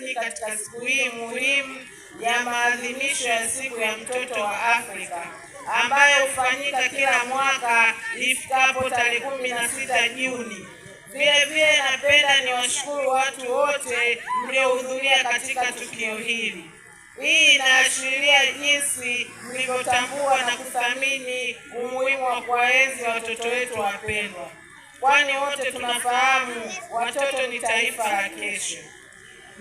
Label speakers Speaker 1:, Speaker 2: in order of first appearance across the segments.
Speaker 1: rasmi katika siku hii muhimu ya maadhimisho ya siku ya mtoto wa Afrika ambayo hufanyika kila mwaka ifikapo tarehe kumi na sita Juni. Vile vile napenda niwashukuru watu wote mliohudhuria katika tukio hili. Hii inaashiria jinsi mlivyotambua na kuthamini umuhimu wa kuwaenzi watoto wetu wapendwa, kwani wote tunafahamu watoto ni taifa la kesho.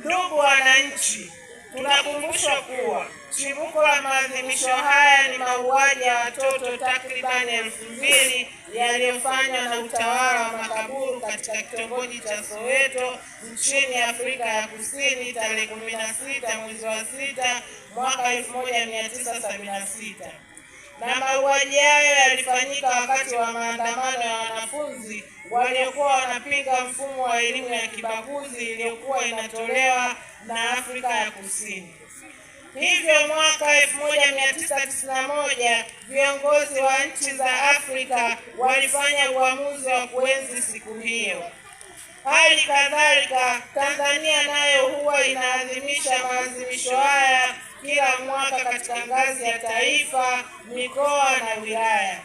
Speaker 1: Ndugu wananchi, tunakumbushwa kuwa chimbuko la maadhimisho haya ni mauaji ya watoto takribani elfu mbili yaliyofanywa na utawala wa makaburu katika kitongoji cha Soweto nchini Afrika ya Kusini tarehe 16 mwezi wa 6 mwaka 1976 na mauaji hayo yalifanyika wakati wa maandamano waliokuwa wanapinga mfumo wa elimu ya kibaguzi iliyokuwa inatolewa na Afrika ya Kusini. Hivyo mwaka 1991 viongozi wa nchi za Afrika walifanya uamuzi wa kuenzi siku hiyo. Hali kadhalika, Tanzania nayo huwa inaadhimisha maadhimisho haya kila mwaka katika ngazi ya taifa, mikoa na wilaya.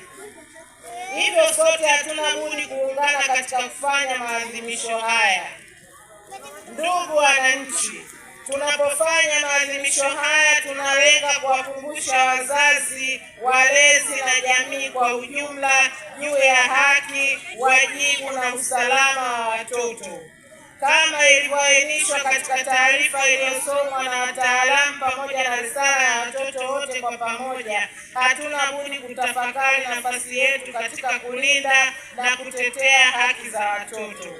Speaker 1: Hivyo sote hatuna budi kuungana katika kufanya maadhimisho haya. Ndugu wananchi, tunapofanya maadhimisho haya tunalenga kuwakumbusha wazazi, walezi na jamii kwa ujumla juu ya haki, wajibu na usalama wa watoto kama ilivyoainishwa katika taarifa iliyosomwa na wataalamu pamoja na risala kwa pamoja, hatuna budi kutafakari nafasi yetu katika kulinda na kutetea haki za watoto.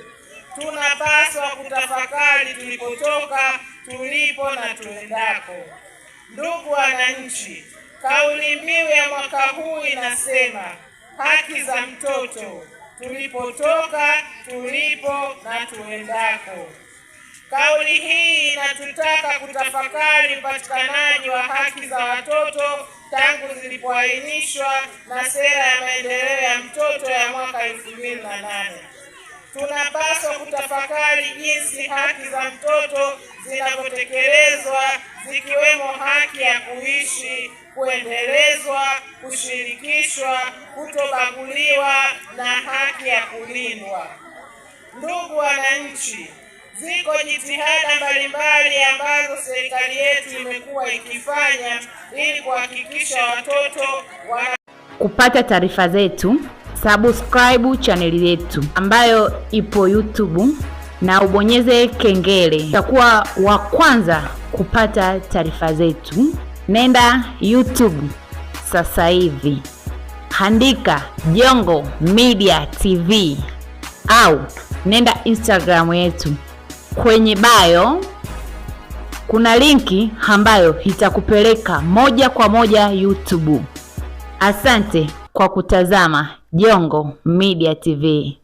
Speaker 1: Tunapaswa kutafakari tulipotoka, tulipo na tuendako. Ndugu wananchi, kauli mbiu ya mwaka huu inasema haki za mtoto, tulipotoka, tulipo na tuendako. Kauli hii inatutaka kutafakari upatikanaji wa haki za watoto tangu zilipoainishwa na sera ya maendeleo ya mtoto ya mwaka 2008. na nane. Tunapaswa kutafakari jinsi haki za mtoto zinavyotekelezwa zikiwemo haki ya kuishi, kuendelezwa, kushirikishwa, kutobaguliwa na haki ya kulindwa. Ndugu wananchi, Ziko jitihada mbalimbali ambazo serikali yetu imekuwa ikifanya ili kuhakikisha watoto wa
Speaker 2: kupata taarifa zetu, subscribe chaneli yetu ambayo ipo YouTube na ubonyeze kengele, utakuwa wa kwanza kupata taarifa zetu. Nenda YouTube sasa hivi, andika Jongo Media TV au nenda Instagram yetu kwenye bio kuna linki ambayo itakupeleka moja kwa moja YouTube. Asante kwa kutazama Jongo Media TV.